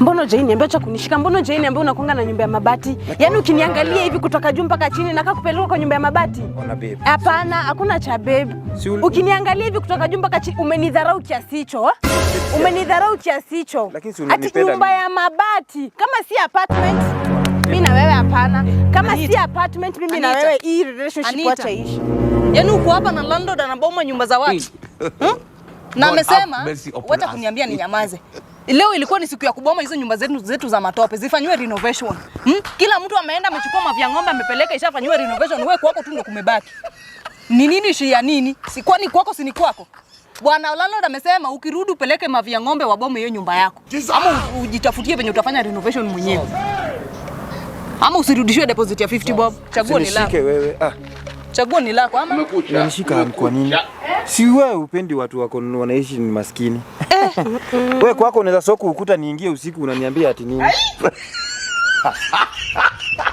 Mbona Jane ambaye cha kunishika? Mbona Jane ambaye unakuanga na nyumba ya mabati? Yaani ukiniangalia hivi kutoka juu mpaka chini na kupeleka kwa nyumba ya mabati. Ona babe. Hapana, hakuna cha babe. Ukiniangalia hivi kutoka juu mpaka chini umenidharau kiasi hicho. Umenidharau kiasi hicho. Ati nyumba ya mabati kama si apartment mimi na wewe hapana. Kama si apartment mimi na wewe hii relationship wacha ishi. Yaani uko hapa na landlord anaboma nyumba za watu. Hmm? Na amesema wacha kuniambia ninyamaze. Leo ilikuwa ni siku ya kuboma hizo nyumba zetu zetu za matope zifanywe renovation. Hmm? Kila mtu ameenda amechukua mavya ng'ombe amepeleka ishafanywe renovation. Wewe kwako tu ndio kumebaki. Ni nini shi ya nini? Si kwani kwako si ni kwako. Bwana Olalo amesema ukirudi upeleke mavya ng'ombe wabome hiyo nyumba yako. Ama ujitafutie penye utafanya renovation mwenyewe. Ama usirudishwe deposit ya 50 bob. Chaguo ni lako. Wewe. Ah. Chaguo ni lako ama unashika kwa nini? Si wewe upendi watu wako wanaishi ni maskini. Eh. Wewe kwako unaweza soko ukuta niingie usiku unaniambia ati nini?